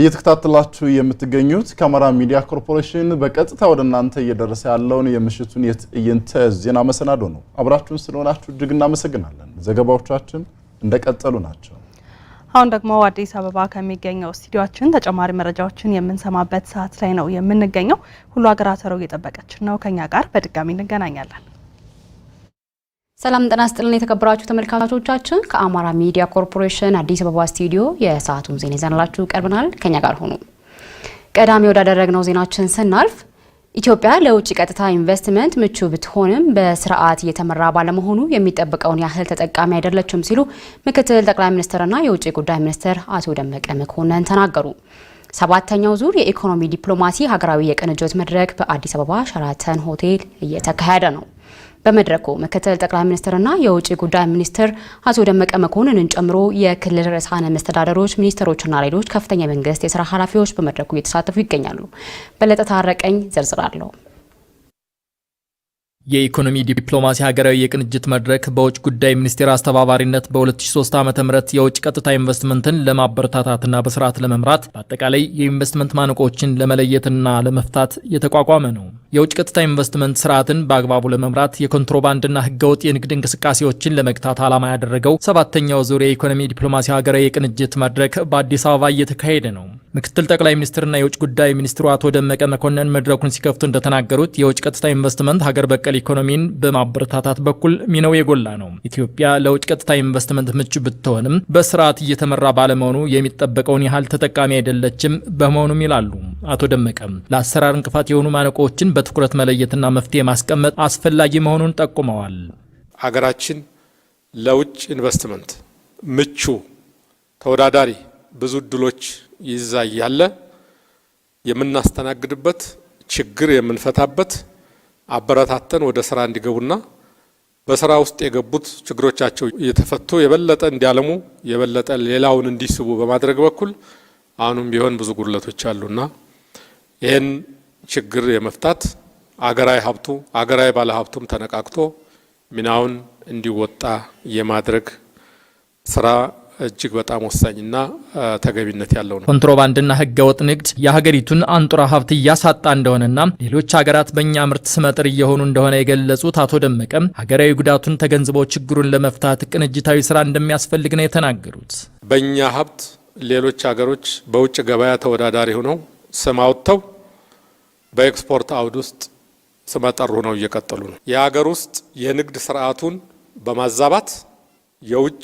እየተከታተላችሁ የምትገኙት ከአማራ ሚዲያ ኮርፖሬሽን በቀጥታ ወደ እናንተ እየደረሰ ያለውን የምሽቱን የትዕይንተ ዜና መሰናዶ ነው። አብራችሁን ስለሆናችሁ እጅግ እናመሰግናለን። ዘገባዎቻችን እንደቀጠሉ ናቸው። አሁን ደግሞ አዲስ አበባ ከሚገኘው ስቱዲዮችን ተጨማሪ መረጃዎችን የምንሰማበት ሰዓት ላይ ነው የምንገኘው። ሁሉ ሀገር አተረው እየጠበቀችን ነው። ከኛ ጋር በድጋሚ እንገናኛለን። ሰላም ጤና ይስጥልን የተከበራችሁ ተመልካቾቻችን፣ ከአማራ ሚዲያ ኮርፖሬሽን አዲስ አበባ ስቱዲዮ የሰዓቱን ዜና ይዘንላችሁ ቀርበናል። ከኛ ጋር ሆኑ ቀዳሚ ወዳደረግነው ዜናችን ስናልፍ ኢትዮጵያ ለውጭ ቀጥታ ኢንቨስትመንት ምቹ ብትሆንም በስርዓት እየተመራ ባለመሆኑ የሚጠበቀውን ያህል ተጠቃሚ አይደለችም ሲሉ ምክትል ጠቅላይ ሚኒስትርና የውጭ ጉዳይ ሚኒስትር አቶ ደመቀ መኮንን ተናገሩ። ሰባተኛው ዙር የኢኮኖሚ ዲፕሎማሲ ሀገራዊ የቅንጅት መድረክ በአዲስ አበባ ሸራተን ሆቴል እየተካሄደ ነው። በመድረኩ ምክትል ጠቅላይ ሚኒስትርና የውጭ ጉዳይ ሚኒስትር አቶ ደመቀ መኮንንን ጨምሮ የክልል ርዕሳነ መስተዳደሮች ሚኒስትሮችና ሌሎች ከፍተኛ የመንግስት የስራ ኃላፊዎች በመድረኩ እየተሳተፉ ይገኛሉ። በለጠታ አረቀኝ ዝርዝር አለው። የኢኮኖሚ ዲፕሎማሲ ሀገራዊ የቅንጅት መድረክ በውጭ ጉዳይ ሚኒስቴር አስተባባሪነት በ2003 ዓ ም የውጭ ቀጥታ ኢንቨስትመንትን ለማበረታታትና በስርዓት ለመምራት በአጠቃላይ የኢንቨስትመንት ማነቆችን ለመለየትና ለመፍታት የተቋቋመ ነው። የውጭ ቀጥታ ኢንቨስትመንት ስርዓትን በአግባቡ ለመምራት የኮንትሮባንድና ህገወጥ የንግድ እንቅስቃሴዎችን ለመግታት ዓላማ ያደረገው ሰባተኛው ዙር የኢኮኖሚ ዲፕሎማሲ ሀገራዊ የቅንጅት መድረክ በአዲስ አበባ እየተካሄደ ነው። ምክትል ጠቅላይ ሚኒስትርና የውጭ ጉዳይ ሚኒስትሩ አቶ ደመቀ መኮንን መድረኩን ሲከፍቱ እንደተናገሩት የውጭ ቀጥታ ኢንቨስትመንት ሀገር በቀል ኢኮኖሚን በማበረታታት በኩል ሚናው የጎላ ነው። ኢትዮጵያ ለውጭ ቀጥታ ኢንቨስትመንት ምቹ ብትሆንም በስርዓት እየተመራ ባለመሆኑ የሚጠበቀውን ያህል ተጠቃሚ አይደለችም። በመሆኑም ይላሉ አቶ ደመቀም ለአሰራር እንቅፋት የሆኑ ማነቆዎችን በትኩረት መለየትና መፍትሄ ማስቀመጥ አስፈላጊ መሆኑን ጠቁመዋል። አገራችን ለውጭ ኢንቨስትመንት ምቹ፣ ተወዳዳሪ፣ ብዙ እድሎች ይዛ ያለ የምናስተናግድበት ችግር የምንፈታበት አበረታተን ወደ ስራ እንዲገቡና በስራ ውስጥ የገቡት ችግሮቻቸው እየተፈቱ የበለጠ እንዲያለሙ የበለጠ ሌላውን እንዲስቡ በማድረግ በኩል አሁንም ቢሆን ብዙ ጉድለቶች አሉና ይህን ችግር የመፍታት አገራዊ ሀብቱ አገራዊ ባለሀብቱም ተነቃቅቶ ሚናውን እንዲወጣ የማድረግ ስራ እጅግ በጣም ወሳኝና ተገቢነት ያለው ነው። ኮንትሮባንድና ህገወጥ ንግድ የሀገሪቱን አንጡራ ሀብት እያሳጣ እንደሆነና ሌሎች ሀገራት በእኛ ምርት ስመጥር እየሆኑ እንደሆነ የገለጹት አቶ ደመቀም ሀገራዊ ጉዳቱን ተገንዝበው ችግሩን ለመፍታት ቅንጅታዊ ስራ እንደሚያስፈልግ ነው የተናገሩት። በእኛ ሀብት ሌሎች ሀገሮች በውጭ ገበያ ተወዳዳሪ ሆነው ስም አውጥተው በኤክስፖርት አውድ ውስጥ ስመጠር ሆነው እየቀጠሉ ነው። የሀገር ውስጥ የንግድ ስርዓቱን በማዛባት የውጭ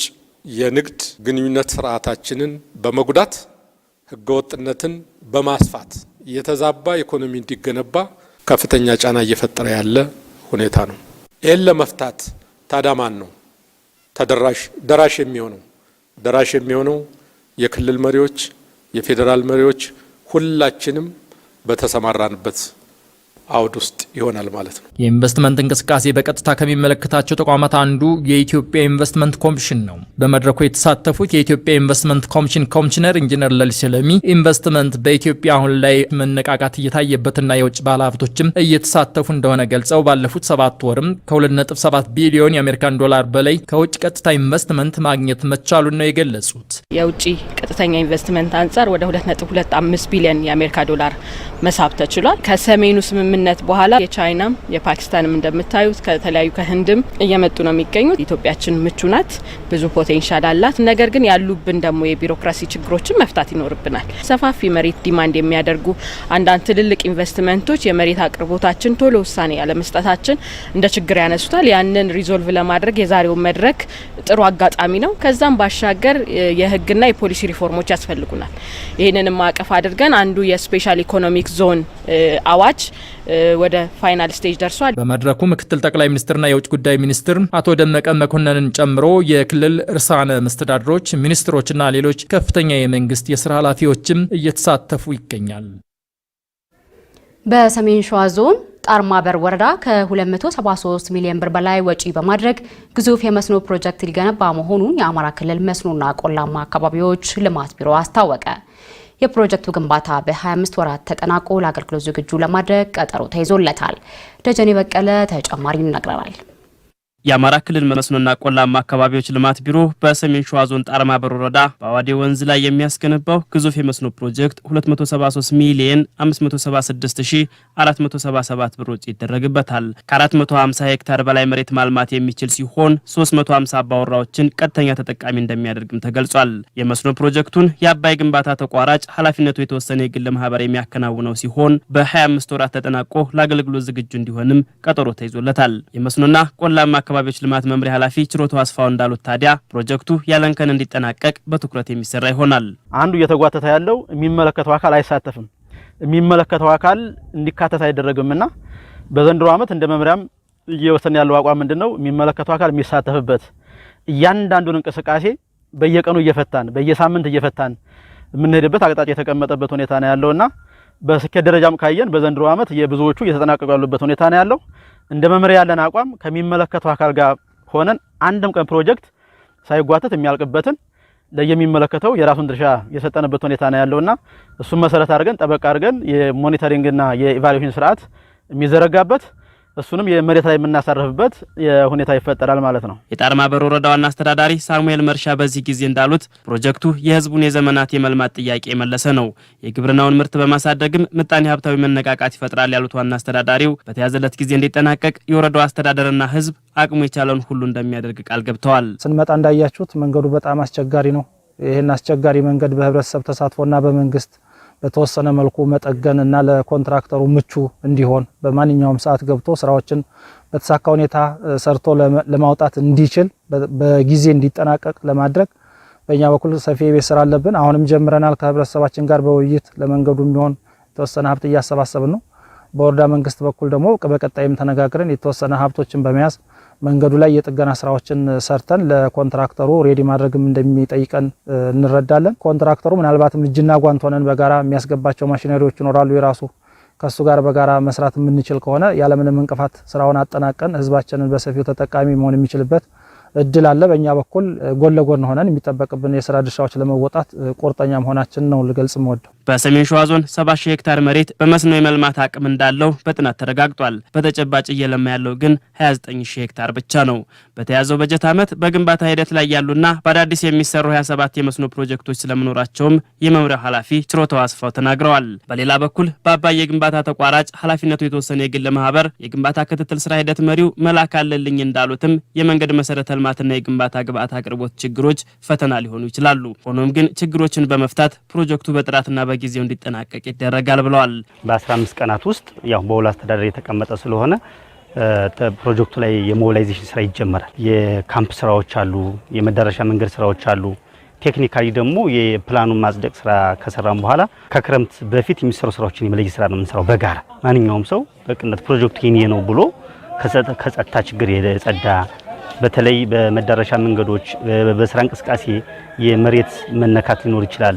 የንግድ ግንኙነት ስርዓታችንን በመጉዳት ህገወጥነትን በማስፋት የተዛባ ኢኮኖሚ እንዲገነባ ከፍተኛ ጫና እየፈጠረ ያለ ሁኔታ ነው። ይህን ለመፍታት ታዳማን ማን ነው ተደራሽ ደራሽ የሚሆነው? ደራሽ የሚሆነው የክልል መሪዎች፣ የፌዴራል መሪዎች ሁላችንም በተሰማራንበት አውድ ውስጥ ይሆናል ማለት ነው። የኢንቨስትመንት እንቅስቃሴ በቀጥታ ከሚመለከታቸው ተቋማት አንዱ የኢትዮጵያ ኢንቨስትመንት ኮሚሽን ነው። በመድረኩ የተሳተፉት የኢትዮጵያ ኢንቨስትመንት ኮሚሽን ኮሚሽነር ኢንጂነር ለሊሴ ኢንቨስትመንት በኢትዮጵያ አሁን ላይ መነቃቃት እየታየበትና የውጭ ባለሀብቶችም እየተሳተፉ እንደሆነ ገልጸው ባለፉት ሰባት ወርም ከ2.7 ቢሊዮን የአሜሪካን ዶላር በላይ ከውጭ ቀጥታ ኢንቨስትመንት ማግኘት መቻሉን ነው የገለጹት። የውጭ ቀጥተኛ ኢንቨስትመንት አንጻር ወደ 2.25 ቢሊዮን የአሜሪካ ዶላር መሳብ ተችሏል። ከሰሜኑ ስምምነት ስምምነት በኋላ የቻይናም የፓኪስታንም እንደምታዩት ከተለያዩ ከህንድም እየመጡ ነው የሚገኙት። ኢትዮጵያችን ምቹ ናት፣ ብዙ ፖቴንሻል አላት። ነገር ግን ያሉብን ደግሞ የቢሮክራሲ ችግሮችን መፍታት ይኖርብናል። ሰፋፊ መሬት ዲማንድ የሚያደርጉ አንዳንድ ትልልቅ ኢንቨስትመንቶች የመሬት አቅርቦታችን ቶሎ ውሳኔ ያለመስጠታችን እንደ ችግር ያነሱታል። ያንን ሪዞልቭ ለማድረግ የዛሬውን መድረክ ጥሩ አጋጣሚ ነው። ከዛም ባሻገር የህግና የፖሊሲ ሪፎርሞች ያስፈልጉናል። ይህንንም ማዕቀፍ አድርገን አንዱ የስፔሻል ኢኮኖሚክ ዞን አዋጅ ወደ ፋይናል ስቴጅ ደርሷል። በመድረኩ ምክትል ጠቅላይ ሚኒስትርና የውጭ ጉዳይ ሚኒስትር አቶ ደመቀ መኮንንን ጨምሮ የክልል ርዕሳነ መስተዳድሮች፣ ሚኒስትሮችና ሌሎች ከፍተኛ የመንግስት የስራ ኃላፊዎችም እየተሳተፉ ይገኛል። በሰሜን ሸዋ ዞን ጣርማበር ወረዳ ከ273 ሚሊዮን ብር በላይ ወጪ በማድረግ ግዙፍ የመስኖ ፕሮጀክት ሊገነባ መሆኑን የአማራ ክልል መስኖና ቆላማ አካባቢዎች ልማት ቢሮ አስታወቀ። የፕሮጀክቱ ግንባታ በ25 ወራት ተጠናቆ ለአገልግሎት ዝግጁ ለማድረግ ቀጠሮ ተይዞለታል። ደጀኔ በቀለ ተጨማሪ ይነግረናል። የአማራ ክልል መስኖና ቆላማ አካባቢዎች ልማት ቢሮ በሰሜን ሸዋ ዞን ጣርማ በር ወረዳ በአዋዴ ወንዝ ላይ የሚያስገነባው ግዙፍ የመስኖ ፕሮጀክት 273 ሚሊየን 576477 ብር ወጪ ይደረግበታል። ከ450 ሄክታር በላይ መሬት ማልማት የሚችል ሲሆን 350 አባወራዎችን ቀጥተኛ ተጠቃሚ እንደሚያደርግም ተገልጿል። የመስኖ ፕሮጀክቱን የአባይ ግንባታ ተቋራጭ ኃላፊነቱ የተወሰነ የግል ማህበር የሚያከናውነው ሲሆን በ25 ወራት ተጠናቆ ለአገልግሎት ዝግጁ እንዲሆንም ቀጠሮ ተይዞለታል። የመስኖና ቆላማ አካባቢዎች ልማት መምሪያ ኃላፊ ችሮቱ አስፋው እንዳሉት ታዲያ ፕሮጀክቱ ያለንከን እንዲጠናቀቅ በትኩረት የሚሰራ ይሆናል። አንዱ እየተጓተተ ያለው የሚመለከተው አካል አይሳተፍም። የሚመለከተው አካል እንዲካተት አይደረግምና በዘንድሮ ዓመት እንደ መምሪያም እየወሰን ያለው አቋም ነው? የሚመለከተው አካል የሚሳተፍበት እያንዳንዱን እንቅስቃሴ በየቀኑ እየፈታን በየሳምንት እየፈታን የምንሄድበት አቅጣጫ የተቀመጠበት ሁኔታ ነው ያለውና በስኬት ደረጃም ካየን በዘንድሮ ዓመት የብዙዎቹ እየተጠናቀቁ ያሉበት ሁኔታ ነው ያለው። እንደ መመሪያ ያለን አቋም ከሚመለከተው አካል ጋር ሆነን አንድም ቀን ፕሮጀክት ሳይጓተት የሚያልቅበትን ለየሚመለከተው የራሱን ድርሻ የሰጠንበት ሁኔታ ነው ያለውና እሱ መሰረት አድርገን ጠበቅ አድርገን የሞኒተሪንግና የኢቫሉዌሽን ስርዓት የሚዘረጋበት እሱንም የመሬት ላይ የምናሳርፍበት ሁኔታ ይፈጠራል ማለት ነው። የጣርማ በር ወረዳ ዋና አስተዳዳሪ ሳሙኤል መርሻ በዚህ ጊዜ እንዳሉት ፕሮጀክቱ የህዝቡን የዘመናት የመልማት ጥያቄ የመለሰ ነው። የግብርናውን ምርት በማሳደግም ምጣኔ ሀብታዊ መነቃቃት ይፈጥራል ያሉት ዋና አስተዳዳሪው በተያዘለት ጊዜ እንዲጠናቀቅ የወረዳው አስተዳደርና ህዝብ አቅሙ የቻለውን ሁሉ እንደሚያደርግ ቃል ገብተዋል። ስንመጣ እንዳያችሁት መንገዱ በጣም አስቸጋሪ ነው። ይህን አስቸጋሪ መንገድ በህብረተሰብ ተሳትፎና በመንግስት በተወሰነ መልኩ መጠገን እና ለኮንትራክተሩ ምቹ እንዲሆን በማንኛውም ሰዓት ገብቶ ስራዎችን በተሳካ ሁኔታ ሰርቶ ለማውጣት እንዲችል በጊዜ እንዲጠናቀቅ ለማድረግ በእኛ በኩል ሰፊ የቤት ስራ አለብን። አሁንም ጀምረናል። ከህብረተሰባችን ጋር በውይይት ለመንገዱ የሚሆን የተወሰነ ሀብት እያሰባሰብን ነው። በወረዳ መንግስት በኩል ደግሞ በቀጣይም ተነጋግረን የተወሰነ ሀብቶችን በመያዝ መንገዱ ላይ የጥገና ስራዎችን ሰርተን ለኮንትራክተሩ ሬዲ ማድረግም እንደሚጠይቀን እንረዳለን። ኮንትራክተሩ ምናልባትም እጅና ጓንት ሆነን በጋራ የሚያስገባቸው ማሽነሪዎች ይኖራሉ የራሱ ከእሱ ጋር በጋራ መስራት የምንችል ከሆነ ያለምንም እንቅፋት ስራውን አጠናቀን ህዝባችንን በሰፊው ተጠቃሚ መሆን የሚችልበት እድል አለ። በእኛ በኩል ጎን ለጎን ሆነን የሚጠበቅብን የስራ ድርሻዎች ለመወጣት ቁርጠኛ መሆናችን ነው ልገልጽ የምወደው። በሰሜን ሸዋ ዞን 70 ሺህ ሄክታር መሬት በመስኖ የመልማት አቅም እንዳለው በጥናት ተረጋግጧል። በተጨባጭ እየለማ ያለው ግን 29 ሺህ ሄክታር ብቻ ነው። በተያዘው በጀት ዓመት በግንባታ ሂደት ላይ ያሉና በአዳዲስ የሚሰሩ 27 የመስኖ ፕሮጀክቶች ስለመኖራቸውም የመምሪያው ኃላፊ ችሮታው አስፋው ተናግረዋል። በሌላ በኩል በአባይ የግንባታ ተቋራጭ ኃላፊነቱ የተወሰነ የግል ማህበር የግንባታ ክትትል ስራ ሂደት መሪው መላክ አለልኝ እንዳሉትም የመንገድ መሰረተ ልማትና የግንባታ ግብአት አቅርቦት ችግሮች ፈተና ሊሆኑ ይችላሉ። ሆኖም ግን ችግሮችን በመፍታት ፕሮጀክቱ በጥራትና በጊዜው እንዲጠናቀቅ ይደረጋል ብለዋል። በ15 ቀናት ውስጥ ያው በውል አስተዳደር የተቀመጠ ስለሆነ ፕሮጀክቱ ላይ የሞቢላይዜሽን ስራ ይጀመራል። የካምፕ ስራዎች አሉ፣ የመዳረሻ መንገድ ስራዎች አሉ። ቴክኒካሊ ደግሞ የፕላኑን ማጽደቅ ስራ ከሰራን በኋላ ከክረምት በፊት የሚሰሩ ስራዎችን የመለየት ስራ ነው የምንሰራው በጋራ ማንኛውም ሰው በቅነት ፕሮጀክቱ የኔ ነው ብሎ ከጸጥታ ችግር የጸዳ በተለይ በመዳረሻ መንገዶች በስራ እንቅስቃሴ የመሬት መነካት ሊኖር ይችላል።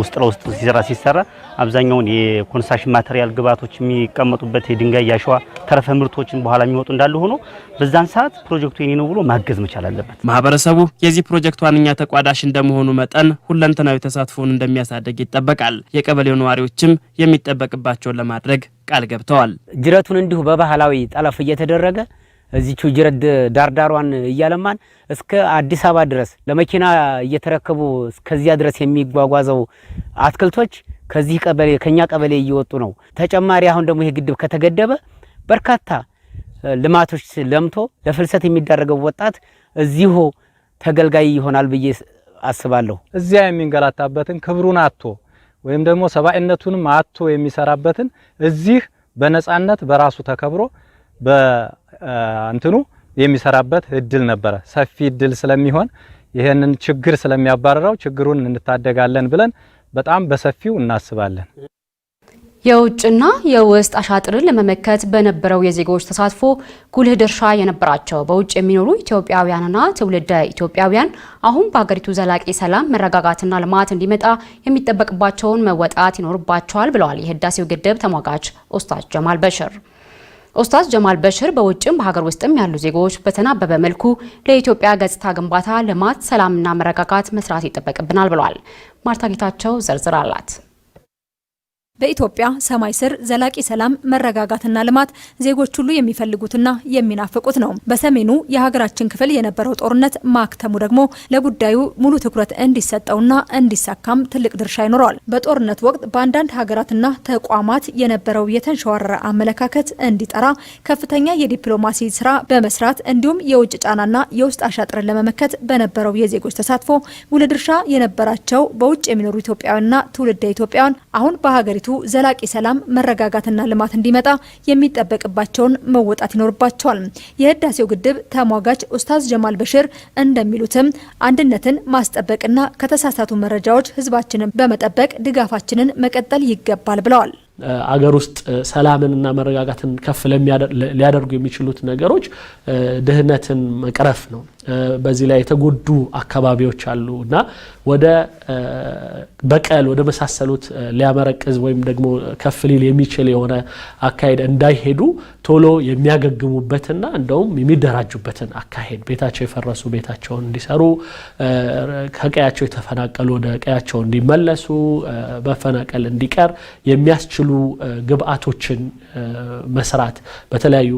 ውስጥ ለውስጥ ሲሰራ ሲሰራ አብዛኛውን የኮንስትራክሽን ማቴሪያል ግብአቶች የሚቀመጡበት የድንጋይ ያሸዋ ተረፈ ምርቶችን በኋላ የሚወጡ እንዳሉ ሆኖ በዛን ሰዓት ፕሮጀክቱ የኔ ነው ብሎ ማገዝ መቻል አለበት። ማህበረሰቡ የዚህ ፕሮጀክት ዋነኛ ተቋዳሽ እንደመሆኑ መጠን ሁለንተናዊ ተሳትፎን እንደሚያሳደግ ይጠበቃል። የቀበሌው ነዋሪዎችም የሚጠበቅባቸውን ለማድረግ ቃል ገብተዋል። ጅረቱን እንዲሁ በባህላዊ ጠለፍ እየተደረገ እዚቹ ጅረድ ዳርዳሯን እያለማን እስከ አዲስ አበባ ድረስ ለመኪና እየተረከቡ እስከዚያ ድረስ የሚጓጓዘው አትክልቶች ከዚህ ቀበሌ ከኛ ቀበሌ እየወጡ ነው። ተጨማሪ አሁን ደግሞ ይሄ ግድብ ከተገደበ በርካታ ልማቶች ለምቶ ለፍልሰት የሚዳረገው ወጣት እዚሁ ተገልጋይ ይሆናል ብዬ አስባለሁ። እዚያ የሚንገላታበትን ክብሩን አቶ ወይም ደግሞ ሰብአዊነቱንም አቶ የሚሰራበትን እዚህ በነጻነት በራሱ ተከብሮ እንትኑ የሚሰራበት እድል ነበረ። ሰፊ እድል ስለሚሆን ይህንን ችግር ስለሚያባረረው ችግሩን እንታደጋለን ብለን በጣም በሰፊው እናስባለን። የውጭና የውስጥ አሻጥርን ለመመከት በነበረው የዜጎች ተሳትፎ ጉልህ ድርሻ የነበራቸው በውጭ የሚኖሩ ኢትዮጵያውያንና ትውልደ ኢትዮጵያውያን አሁን በሀገሪቱ ዘላቂ ሰላም፣ መረጋጋትና ልማት እንዲመጣ የሚጠበቅባቸውን መወጣት ይኖርባቸዋል ብለዋል የህዳሴው ግድብ ተሟጋች ኡስታዝ ጀማል በሽር። ኡስታዝ ጀማል በሽር በውጭም በሀገር ውስጥም ያሉ ዜጎች በተናበበ መልኩ ለኢትዮጵያ ገጽታ ግንባታ፣ ልማት፣ ሰላምና መረጋጋት መስራት ይጠበቅብናል ብለዋል። ማርታ ጌታቸው ዝርዝር አላት። በኢትዮጵያ ሰማይ ስር ዘላቂ ሰላም መረጋጋትና ልማት ዜጎች ሁሉ የሚፈልጉትና የሚናፍቁት ነው። በሰሜኑ የሀገራችን ክፍል የነበረው ጦርነት ማክተሙ ደግሞ ለጉዳዩ ሙሉ ትኩረት እንዲሰጠውና እንዲሳካም ትልቅ ድርሻ ይኖረዋል። በጦርነት ወቅት በአንዳንድ ሀገራትና ተቋማት የነበረው የተንሸዋረረ አመለካከት እንዲጠራ ከፍተኛ የዲፕሎማሲ ስራ በመስራት እንዲሁም የውጭ ጫናና የውስጥ አሻጥርን ለመመከት በነበረው የዜጎች ተሳትፎ ሙሉ ድርሻ የነበራቸው በውጭ የሚኖሩ ኢትዮጵያውያንና ትውልደ ኢትዮጵያውያን አሁን በሀገሪቱ በሀገሪቱ ዘላቂ ሰላም፣ መረጋጋትና ልማት እንዲመጣ የሚጠበቅባቸውን መወጣት ይኖርባቸዋል። የህዳሴው ግድብ ተሟጋች ኡስታዝ ጀማል በሽር እንደሚሉትም አንድነትን ማስጠበቅና ከተሳሳቱ መረጃዎች ህዝባችንን በመጠበቅ ድጋፋችንን መቀጠል ይገባል ብለዋል። አገር ውስጥ ሰላምንና መረጋጋትን ከፍ ሊያደርጉ የሚችሉት ነገሮች ድህነትን መቅረፍ ነው። በዚህ ላይ የተጎዱ አካባቢዎች አሉ እና ወደ በቀል ወደ መሳሰሉት ሊያመረቅዝ ወይም ደግሞ ከፍ ሊል የሚችል የሆነ አካሄድ እንዳይሄዱ ቶሎ የሚያገግሙበትና እንደውም የሚደራጁበትን አካሄድ ቤታቸው የፈረሱ ቤታቸውን እንዲሰሩ፣ ከቀያቸው የተፈናቀሉ ወደ ቀያቸው እንዲመለሱ፣ መፈናቀል እንዲቀር የሚያስችሉ ግብአቶችን መስራት በተለያዩ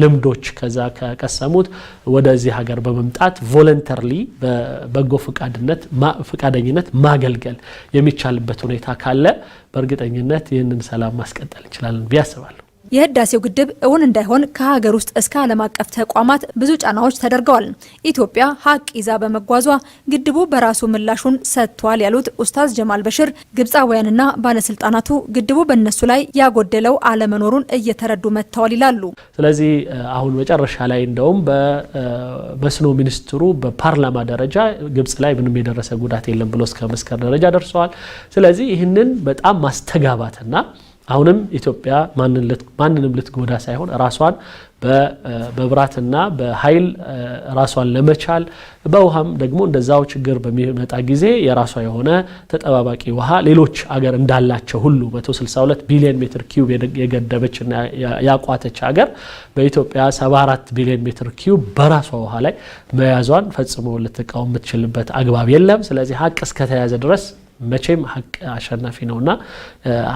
ልምዶች ከዛ ከቀሰሙት ወደዚህ ሀገር በመምጣት ቮለንተርሊ በበጎ ፈቃደኝነት ማገልገል የሚቻልበት ሁኔታ ካለ በእርግጠኝነት ይህንን ሰላም ማስቀጠል እንችላለን ብዬ አስባለሁ። የህዳሴው ግድብ እውን እንዳይሆን ከሀገር ውስጥ እስከ ዓለም አቀፍ ተቋማት ብዙ ጫናዎች ተደርገዋል። ኢትዮጵያ ሀቅ ይዛ በመጓዟ ግድቡ በራሱ ምላሹን ሰጥቷል ያሉት ኡስታዝ ጀማል በሽር ግብፃውያንና ባለስልጣናቱ ግድቡ በእነሱ ላይ ያጎደለው አለመኖሩን እየተረዱ መጥተዋል ይላሉ። ስለዚህ አሁን መጨረሻ ላይ እንደውም በመስኖ ሚኒስትሩ በፓርላማ ደረጃ ግብጽ ላይ ምንም የደረሰ ጉዳት የለም ብሎ እስከ መስከር ደረጃ ደርሰዋል። ስለዚህ ይህንን በጣም ማስተጋባትና አሁንም ኢትዮጵያ ማንንም ልትጎዳ ሳይሆን ራሷን በብራትና በኃይል ራሷን ለመቻል በውሃም ደግሞ እንደዛው ችግር በሚመጣ ጊዜ የራሷ የሆነ ተጠባባቂ ውሃ ሌሎች አገር እንዳላቸው ሁሉ 162 ቢሊዮን ሜትር ኪዩብ የገደበችና ያቋተች አገር በኢትዮጵያ 74 ቢሊዮን ሜትር ኪዩብ በራሷ ውሃ ላይ መያዟን ፈጽሞ ልትቃወም የምትችልበት አግባብ የለም። ስለዚህ ሀቅ እስከተያዘ ድረስ መቼም ሀቅ አሸናፊ ነውና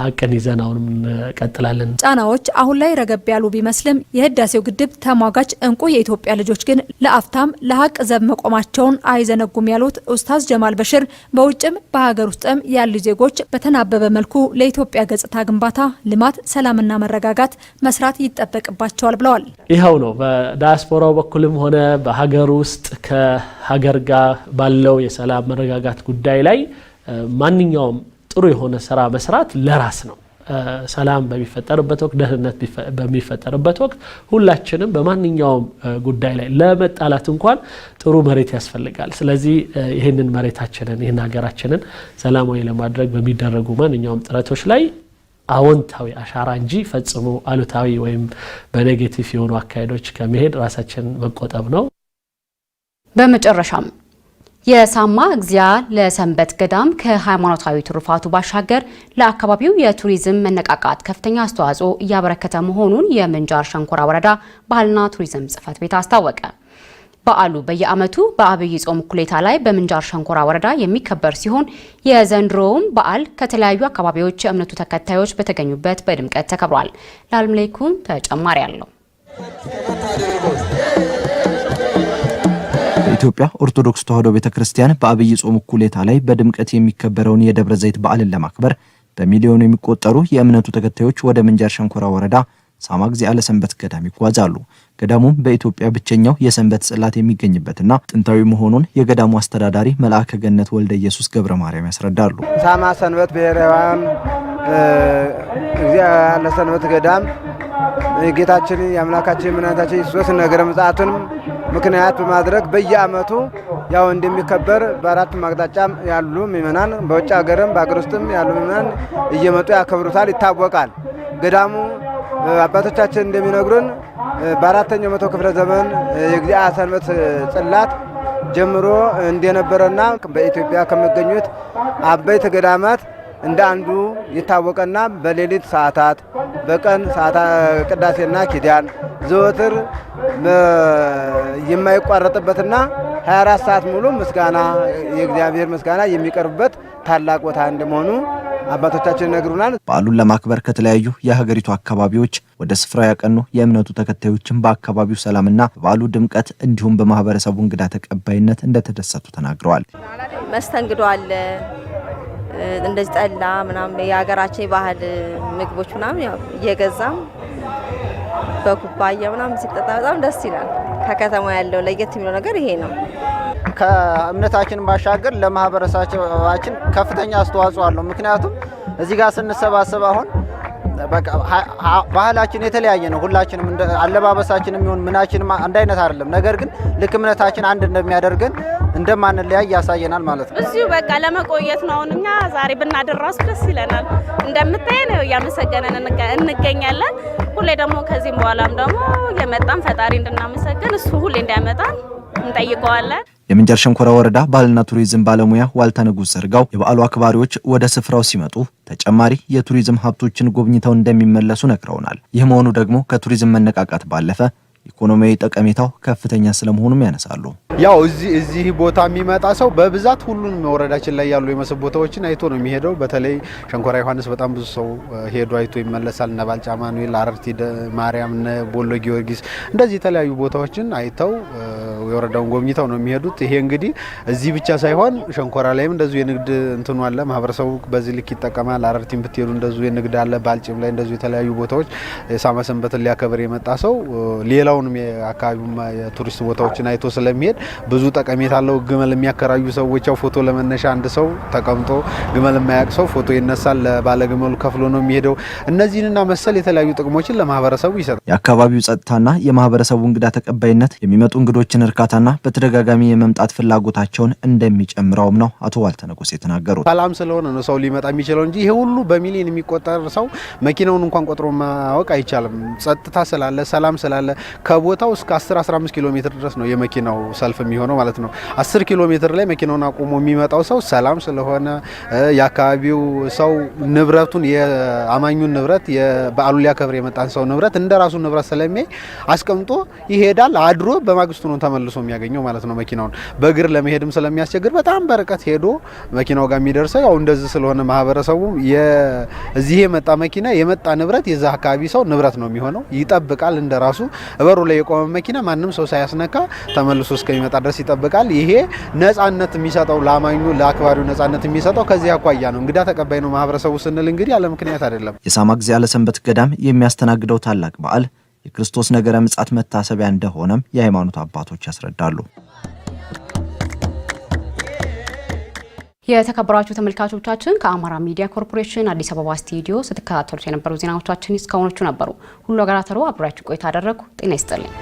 ሀቅን ይዘን አሁን እንቀጥላለን። ጫናዎች አሁን ላይ ረገብ ያሉ ቢመስልም የህዳሴው ግድብ ተሟጋች እንቁ የኢትዮጵያ ልጆች ግን ለአፍታም ለሀቅ ዘብ መቆማቸውን አይዘነጉም ያሉት ኡስታዝ ጀማል በሽር በውጭም በሀገር ውስጥም ያሉ ዜጎች በተናበበ መልኩ ለኢትዮጵያ ገጽታ ግንባታ፣ ልማት፣ ሰላምና መረጋጋት መስራት ይጠበቅባቸዋል ብለዋል። ይኸው ነው በዳያስፖራው በኩልም ሆነ በሀገር ውስጥ ከሀገር ጋር ባለው የሰላም መረጋጋት ጉዳይ ላይ ማንኛውም ጥሩ የሆነ ስራ መስራት ለራስ ነው። ሰላም በሚፈጠርበት ወቅት፣ ደህንነት በሚፈጠርበት ወቅት ሁላችንም በማንኛውም ጉዳይ ላይ ለመጣላት እንኳን ጥሩ መሬት ያስፈልጋል። ስለዚህ ይህንን መሬታችንን ይህን ሀገራችንን ሰላማዊ ለማድረግ በሚደረጉ ማንኛውም ጥረቶች ላይ አዎንታዊ አሻራ እንጂ ፈጽሞ አሉታዊ ወይም በኔጌቲቭ የሆኑ አካሄዶች ከመሄድ ራሳችንን መቆጠብ ነው። በመጨረሻም የሳማ እግዚአ ለሰንበት ገዳም ከሃይማኖታዊ ትሩፋቱ ባሻገር ለአካባቢው የቱሪዝም መነቃቃት ከፍተኛ አስተዋጽኦ እያበረከተ መሆኑን የምንጃር ሸንኮራ ወረዳ ባህልና ቱሪዝም ጽሕፈት ቤት አስታወቀ። በዓሉ በየዓመቱ በአብይ ጾም ኩሌታ ላይ በምንጃር ሸንኮራ ወረዳ የሚከበር ሲሆን የዘንድሮውም በዓል ከተለያዩ አካባቢዎች የእምነቱ ተከታዮች በተገኙበት በድምቀት ተከብሯል። ለአልምሌኩን ተጨማሪ አለው። የኢትዮጵያ ኦርቶዶክስ ተዋሕዶ ቤተ ክርስቲያን በአብይ ጾም እኩሌታ ላይ በድምቀት የሚከበረውን የደብረ ዘይት በዓልን ለማክበር በሚሊዮን የሚቆጠሩ የእምነቱ ተከታዮች ወደ ምንጃር ሸንኮራ ወረዳ ሳማ አለ ሰንበት ገዳም ይጓዛሉ። ገዳሙም በኢትዮጵያ ብቸኛው የሰንበት ጽላት የሚገኝበትና ጥንታዊ መሆኑን የገዳሙ አስተዳዳሪ መልአከ ገነት ወልደ ኢየሱስ ገብረ ማርያም ያስረዳሉ። ሳማ ሰንበት ብሔራዊ አለ ሰንበት ገዳም ጌታችን የአምላካችን የምናታችን ኢየሱስ ነገረ ምጽአቱን ምክንያት በማድረግ በየአመቱ ያው እንደሚከበር በአራቱም አቅጣጫ ያሉ ምእመናን በውጭ ሀገርም በአገር ውስጥም ያሉ ምእመናን እየመጡ ያከብሩታል፣ ይታወቃል። ገዳሙ አባቶቻችን እንደሚነግሩን በአራተኛው መቶ ክፍለ ዘመን የጊዜአ ሰንበት ጽላት ጀምሮ እንደነበረና በኢትዮጵያ ከሚገኙት አበይት ገዳማት እንደ አንዱ ይታወቀና በሌሊት ሰዓታት፣ በቀን ቅዳሴና ኪዳን ዘወትር የማይቋረጥበትና 24 ሰዓት ሙሉ ምስጋና የእግዚአብሔር ምስጋና የሚቀርብበት ታላቅ ቦታ እንደመሆኑ አባቶቻችን ነግሩናል በዓሉን ለማክበር ከተለያዩ የሀገሪቱ አካባቢዎች ወደ ስፍራው ያቀኑ የእምነቱ ተከታዮችን በአካባቢው ሰላምና በዓሉ ድምቀት እንዲሁም በማህበረሰቡ እንግዳ ተቀባይነት እንደተደሰቱ ተናግረዋል። መስተንግዶ አለ እንደዚህ ጠላ ምናምን የሀገራችን የባህል ምግቦች ምናምን ያው እየገዛም በኩባያ ምናምን ሲጠጣ በጣም ደስ ይላል። ከከተማ ያለው ለየት የሚለው ነገር ይሄ ነው። ከእምነታችን ባሻገር ለማህበረሰባችን ከፍተኛ አስተዋጽኦ አለው። ምክንያቱም እዚህ ጋር ስንሰባሰብ አሁን ባህላችን የተለያየ ነው። ሁላችንም አለባበሳችንም ይሁን ምናችንም አንድ አይነት አይደለም። ነገር ግን ልክ እምነታችን አንድ እንደሚያደርገን እንደማንለያይ ያሳየናል ማለት ነው። እዚሁ በቃ ለመቆየት ነው። አሁን እኛ ዛሬ ብናደራስ ደስ ይለናል። ነው እያመሰገነን እንገኛለን። ሁሌ ደግሞ ከዚህም በኋላም ደግሞ የመጣን ፈጣሪ እንድናመሰገን እሱ ሁሌ እንዳያመጣን እንጠይቀዋለን። የምንጃር ሸንኮራ ወረዳ ባህልና ቱሪዝም ባለሙያ ዋልታ ንጉስ ዘርጋው የበዓሉ አክባሪዎች ወደ ስፍራው ሲመጡ ተጨማሪ የቱሪዝም ሀብቶችን ጎብኝተው እንደሚመለሱ ነግረውናል። ይህ መሆኑ ደግሞ ከቱሪዝም መነቃቃት ባለፈ ኢኮኖሚያዊ ጠቀሜታው ከፍተኛ ስለመሆኑም ያነሳሉ። ያው እዚህ እዚህ ቦታ የሚመጣ ሰው በብዛት ሁሉንም ወረዳችን ላይ ያሉ የመስህብ ቦታዎችን አይቶ ነው የሚሄደው። በተለይ ሸንኮራ ዮሐንስ በጣም ብዙ ሰው ሄዶ አይቶ ይመለሳል። እነ ባልጫ ማኑኤል፣ አረርቲ ማርያም፣ እነ ቦሎ ጊዮርጊስ እንደዚህ የተለያዩ ቦታዎችን አይተው የወረዳውን ጎብኝተው ነው የሚሄዱት። ይሄ እንግዲህ እዚህ ብቻ ሳይሆን ሸንኮራ ላይም እንደዚሁ የንግድ እንትኑ አለ፣ ማህበረሰቡ በዚህ ልክ ይጠቀማል። አረርቲም ብትሄዱ እንደዚሁ የንግድ አለ፣ ባልጭም ላይ እንደዚሁ የተለያዩ ቦታዎች የሳማ ሰንበትን ሊያከብር የመጣ ሰው ሌላው ሌላውንም የአካባቢው የቱሪስት ቦታዎችን አይቶ ስለሚሄድ ብዙ ጠቀሜታ አለው። ግመል የሚያከራዩ ሰዎች ያው ፎቶ ለመነሻ አንድ ሰው ተቀምጦ ግመል የማያውቅ ሰው ፎቶ ይነሳል፣ ለባለግመሉ ከፍሎ ነው የሚሄደው። እነዚህንና መሰል የተለያዩ ጥቅሞችን ለማህበረሰቡ ይሰጣል። የአካባቢው ጸጥታና የማህበረሰቡ እንግዳ ተቀባይነት የሚመጡ እንግዶችን እርካታና በተደጋጋሚ የመምጣት ፍላጎታቸውን እንደሚጨምረውም ነው አቶ ዋልተ የተናገሩት። ሰላም ስለሆነ ነው ሰው ሊመጣ የሚችለው እንጂ ይሄ ሁሉ በሚሊዮን የሚቆጠር ሰው መኪናውን እንኳን ቆጥሮ ማወቅ አይቻልም። ጸጥታ ስላለ ሰላም ስላለ ከቦታው እስከ 10 15 ኪሎ ሜትር ድረስ ነው የመኪናው ሰልፍ የሚሆነው ማለት ነው። 10 ኪሎ ሜትር ላይ መኪናውን አቁሞ የሚመጣው ሰው ሰላም ስለሆነ የአካባቢው ሰው ንብረቱን የአማኙን ንብረት በዓሉን ሊያከብር የመጣን ሰው ንብረት እንደ ራሱ ንብረት ስለሚያይ አስቀምጦ ይሄዳል። አድሮ በማግስቱ ነው ተመልሶ የሚያገኘው ማለት ነው። መኪናውን በእግር ለመሄድም ስለሚያስቸግር በጣም በርቀት ሄዶ መኪናው ጋር የሚደርሰው ያው እንደዚህ ስለሆነ ማህበረሰቡ እዚህ የመጣ መኪና የመጣ ንብረት የዛ አካባቢ ሰው ንብረት ነው የሚሆነው። ይጠብቃል እንደራሱ በሩ ላይ የቆመ መኪና ማንም ሰው ሳያስነካ ተመልሶ እስከሚመጣ ድረስ ይጠብቃል። ይሄ ነጻነት የሚሰጠው ለአማኙ ለአክባሪው ነጻነት የሚሰጠው ከዚህ አኳያ ነው። እንግዳ ተቀባይ ነው ማህበረሰቡ ስንል እንግዲህ ያለ ምክንያት አይደለም። የሳማ ጊዜ ያለሰንበት ገዳም የሚያስተናግደው ታላቅ በዓል የክርስቶስ ነገረ ምጻት መታሰቢያ እንደሆነም የሃይማኖት አባቶች ያስረዳሉ። የተከበራችሁ ተመልካቾቻችን ከአማራ ሚዲያ ኮርፖሬሽን አዲስ አበባ ስቱዲዮ ስትከታተሉት የነበሩ ዜናዎቻችን እስካሁኖቹ ነበሩ። ሁሉ አገራተሮ አብራችሁ ቆይታ አደረግኩ። ጤና ይስጥልኝ።